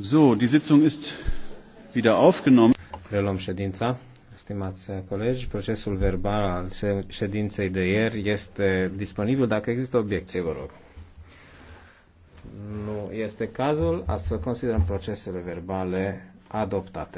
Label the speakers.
Speaker 1: So, die Sitzung ist wieder aufgenommen. Reluăm ședința. Stimați colegi, procesul verbal al ședinței de ieri este disponibil dacă există obiecții, vă rog. Nu este cazul, astfel considerăm procesele verbale adoptate.